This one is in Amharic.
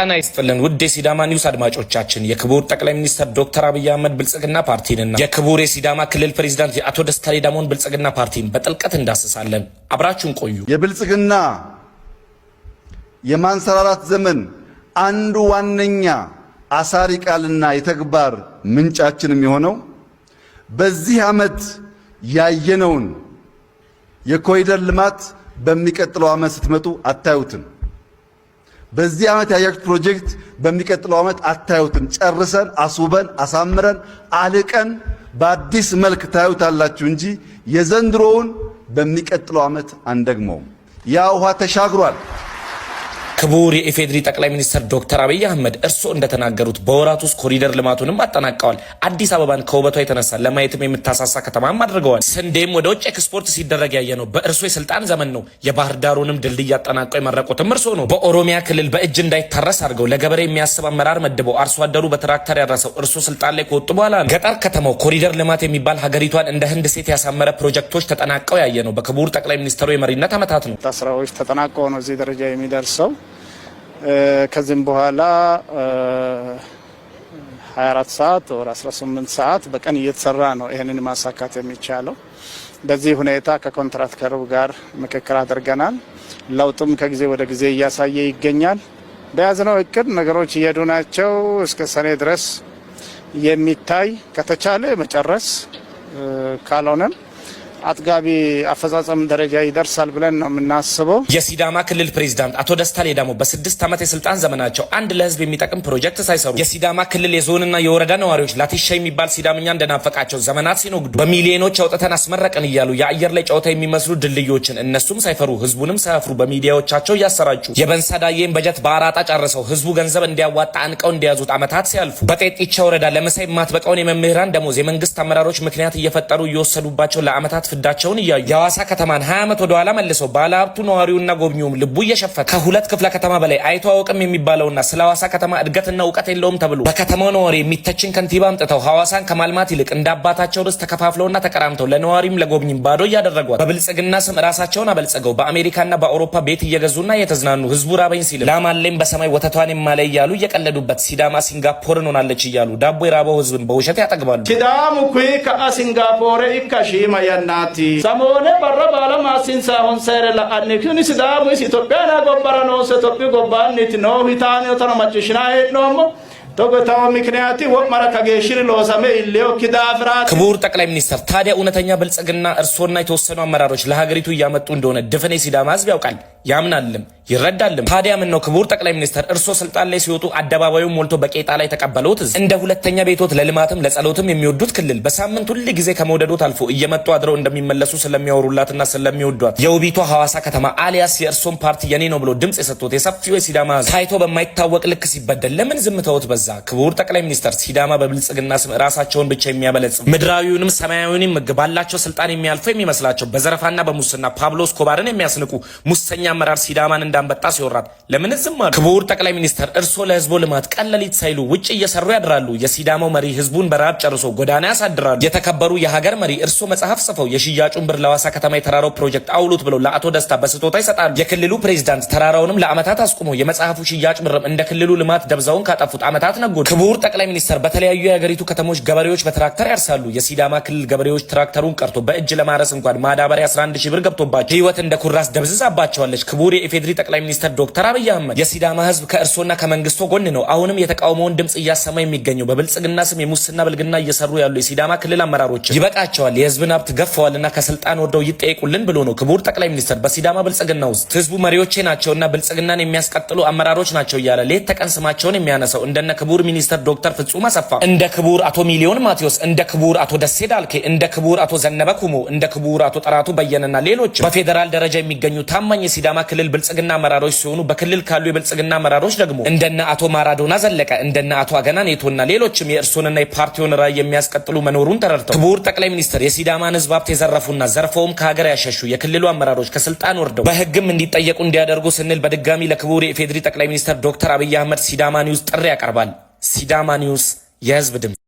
ጤና ይስጥልን ውድ የሲዳማ ኒውስ አድማጮቻችን፣ የክቡር ጠቅላይ ሚኒስትር ዶክተር አብይ አህመድ ብልጽግና ፓርቲንና የክቡር የሲዳማ ክልል ፕሬዚዳንት የአቶ ደስታ ሌዳሞን ብልጽግና ፓርቲን በጥልቀት እንዳስሳለን። አብራችሁን ቆዩ። የብልጽግና የማንሰራራት ዘመን አንዱ ዋነኛ አሳሪ ቃልና የተግባር ምንጫችን የሆነው በዚህ ዓመት ያየነውን የኮሪደር ልማት በሚቀጥለው ዓመት ስትመጡ አታዩትም። በዚህ ዓመት ያያችሁት ፕሮጀክት በሚቀጥለው ዓመት አታዩትም። ጨርሰን አስውበን አሳምረን አልቀን በአዲስ መልክ ታዩታላችሁ እንጂ የዘንድሮውን በሚቀጥለው ዓመት አንደግመውም። ያ ውሃ ተሻግሯል። ክቡር የኢፌዴሪ ጠቅላይ ሚኒስትር ዶክተር አብይ አህመድ እርስዎ እንደተናገሩት በወራት ውስጥ ኮሪደር ልማቱንም አጠናቀዋል። አዲስ አበባን ከውበቷ የተነሳ ለማየትም የምታሳሳ ከተማም አድርገዋል። ስንዴም ወደ ውጭ ኤክስፖርት ሲደረግ ያየ ነው። በእርስዎ የስልጣን ዘመን ነው። የባህር ዳሩንም ድልድይ አጠናቀው የመረቁትም እርሶ ነው። በኦሮሚያ ክልል በእጅ እንዳይታረስ አድርገው ለገበሬ የሚያስብ አመራር መድበው አርሶ አደሩ በትራክተር ያረሰው እርሶ ስልጣን ላይ ከወጡ በኋላ ነው። ገጠር ከተማው ኮሪደር ልማት የሚባል ሀገሪቷን እንደ ህንድ ሴት ያሳመረ ፕሮጀክቶች ተጠናቀው ያየ ነው። በክቡር ጠቅላይ ሚኒስትሩ የመሪነት ዓመታት ነው ስራዎች ተጠናቀው ነው እዚህ ደረጃ የሚደርሰው። ከዚህም በኋላ 24 ሰዓት ወር 18 ሰዓት በቀን እየተሰራ ነው ይህንን ማሳካት የሚቻለው። በዚህ ሁኔታ ከኮንትራክተሩ ጋር ምክክር አድርገናል። ለውጥም ከጊዜ ወደ ጊዜ እያሳየ ይገኛል። በያዝነው እቅድ ነገሮች እየሄዱ ናቸው። እስከ ሰኔ ድረስ የሚታይ ከተቻለ መጨረስ ካልሆነም አጥጋቢ አፈጻጸም ደረጃ ይደርሳል ብለን ነው የምናስበው። የሲዳማ ክልል ፕሬዚዳንት አቶ ደስታ ሌዳሞ በስድስት ዓመት የስልጣን ዘመናቸው አንድ ለህዝብ የሚጠቅም ፕሮጀክት ሳይሰሩ የሲዳማ ክልል የዞንና የወረዳ ነዋሪዎች ላቲሻ የሚባል ሲዳምኛ እንደናፈቃቸው ዘመናት ሲኖግዱ በሚሊዮኖች አውጥተን አስመረቅን እያሉ የአየር ላይ ጨዋታ የሚመስሉ ድልድዮችን እነሱም ሳይፈሩ ህዝቡንም ሳያፍሩ በሚዲያዎቻቸው እያሰራጩ የበንሳ በጀት በአራጣ ጨርሰው ህዝቡ ገንዘብ እንዲያዋጣ አንቀው እንዲያዙት ዓመታት ሲያልፉ በጤጤቻ ወረዳ ለመሳይ ማትበቃውን የመምህራን ደሞዝ የመንግስት አመራሮች ምክንያት እየፈጠሩ እየወሰዱባቸው ለዓመታት ፍዳቸውን እያዩ የሐዋሳ ከተማን ሀያ ዓመት ወደኋላ መልሰው ባለሀብቱ ነዋሪውና ጎብኚውም ልቡ እየሸፈተ ከሁለት ክፍለ ከተማ በላይ አይቶ የሚባለውና ስለ ሐዋሳ ከተማ እድገትና እውቀት የለውም ተብሎ በከተማው ነዋሪ የሚተችን ከንቲባ አምጥተው ሐዋሳን ከማልማት ይልቅ እንደ አባታቸው ርስ ተከፋፍለውና ተቀራምተው ለነዋሪም ለጎብኚም ባዶ እያደረጓል። በብልጽግና ስም ራሳቸውን አበልጽገው በአሜሪካና በአውሮፓ ቤት እየገዙና እየተዝናኑ ህዝቡ ራበኝ ሲልም ላማለኝ በሰማይ ወተቷን የማለ እያሉ እየቀለዱበት ሲዳማ ሲንጋፖር ሆናለች እያሉ ዳቦ የራበው ህዝብን በውሸት ያጠግባሉ። ሲዳሙ ኩይ ከአ ሲንጋፖር ኢካ ሺማ anaati samoone barra baala maassinsa honsayrella annikini sidaamu isi itophiyaana gobbara noose tophi gobbaanniti noohu hitaaneyotana macciishshina hee'noommo ክቡር ጠቅላይ ሚኒስትር ታዲያ እውነተኛ ብልጽግና እርስዎና የተወሰኑ አመራሮች ለሀገሪቱ እያመጡ እንደሆነ ድፍኔ ሲዳማ ሕዝብ ያውቃል። ያምናልም ይረዳልም። ታዲያ ምን ነው ክቡር ጠቅላይ ሚኒስተር እርሶ ስልጣን ላይ ሲወጡ አደባባዩን ሞልቶ በቄጣ ላይ ተቀበለውት እንደ ሁለተኛ ቤቶት ለልማትም ለጸሎትም የሚወዱት ክልል በሳምንት ሁል ጊዜ ከመውደዶት አልፎ እየመጡ አድረው እንደሚመለሱ ስለሚያወሩላትና ስለሚወዷት የውቢቷ ሐዋሳ ከተማ አሊያስ የእርሶን ፓርቲ የኔ ነው ብሎ ድምጽ የሰጡት የሰፊው የሲዳማ ታይቶ በማይታወቅ ልክ ሲበደል ለምን ዝምታዎት በዛ? ክቡር ጠቅላይ ሚኒስተር ሲዳማ በብልጽግና ስም ራሳቸውን ብቻ የሚያበለጽ ምድራዊውንም ሰማያዊውንም ባላቸው ስልጣን የሚያልፈው የሚመስላቸው በዘረፋና በሙስና ፓብሎ ስኮባርን የሚያስንቁ ሙሰኛ አመራር ሲዳማን እንዳንበጣ ሲወራት ለምን ዝም አሉ? ክቡር ጠቅላይ ሚኒስትር እርስዎ ለህዝቦ ልማት ቀለሊት ሳይሉ ውጭ እየሰሩ ያድራሉ። የሲዳማው መሪ ህዝቡን በረሃብ ጨርሶ ጎዳና ያሳድራሉ። የተከበሩ የሀገር መሪ እርስዎ መጽሐፍ ጽፈው የሽያጩን ብር ለዋሳ ከተማ የተራራው ፕሮጀክት አውሉት ብለው ለአቶ ደስታ በስጦታ ይሰጣሉ። የክልሉ ፕሬዚዳንት ተራራውንም ለአመታት አስቁሞ የመጽሐፉ ሽያጭ ብርም እንደ ክልሉ ልማት ደብዛውን ካጠፉት አመታት ነጎ። ክቡር ጠቅላይ ሚኒስትር በተለያዩ የሀገሪቱ ከተሞች ገበሬዎች በትራክተር ያርሳሉ። የሲዳማ ክልል ገበሬዎች ትራክተሩን ቀርቶ በእጅ ለማረስ እንኳን ማዳበሪያ 11 ሺህ ብር ገብቶባቸው ህይወት እንደ ኩራስ ደብዝዛባቸዋለች። ትገኛለች። ክቡር የኢፌዴሪ ጠቅላይ ሚኒስትር ዶክተር አብይ አህመድ የሲዳማ ህዝብ ከእርሶና ከመንግስቶ ጎን ነው፣ አሁንም የተቃውሞውን ድምፅ እያሰማ የሚገኘው በብልጽግና ስም የሙስና ብልግና እየሰሩ ያሉ የሲዳማ ክልል አመራሮች ይበቃቸዋል፣ የህዝብን ሀብት ገፈዋልና ከስልጣን ወርደው ይጠየቁልን ብሎ ነው። ክቡር ጠቅላይ ሚኒስትር በሲዳማ ብልጽግና ውስጥ ህዝቡ መሪዎቼ ናቸውና ብልጽግናን የሚያስቀጥሉ አመራሮች ናቸው እያለ ሌት ተቀን ስማቸውን የሚያነሳው እንደነ ክቡር ሚኒስትር ዶክተር ፍጹም አሰፋ፣ እንደ ክቡር አቶ ሚሊዮን ማቴዎስ፣ እንደ ክቡር አቶ ደሴ ዳልኬ፣ እንደ ክቡር አቶ ዘነበ ኩሞ፣ እንደ ክቡር አቶ ጠራቱ በየነና ሌሎች በፌዴራል ደረጃ የሚገኙ ታማኝ የሲዳ የሲዳማ ክልል ብልጽግና አመራሮች ሲሆኑ በክልል ካሉ የብልጽግና አመራሮች ደግሞ እንደነ አቶ ማራዶና ዘለቀ እንደነ አቶ አገና ኔቶና ሌሎችም የእርሶንና የፓርቲውን ራዕይ የሚያስቀጥሉ መኖሩን ተረድተው ክቡር ጠቅላይ ሚኒስትር የሲዳማን ህዝብ ሀብት የዘረፉና ዘርፈውም ከሀገር ያሸሹ የክልሉ አመራሮች ከስልጣን ወርደው በህግም እንዲጠየቁ እንዲያደርጉ ስንል በድጋሚ ለክቡር የኢፌዴሪ ጠቅላይ ሚኒስትር ዶክተር አብይ አህመድ ሲዳማ ኒውስ ጥሪ ያቀርባል። ሲዳማ ኒውስ የህዝብ ድምፅ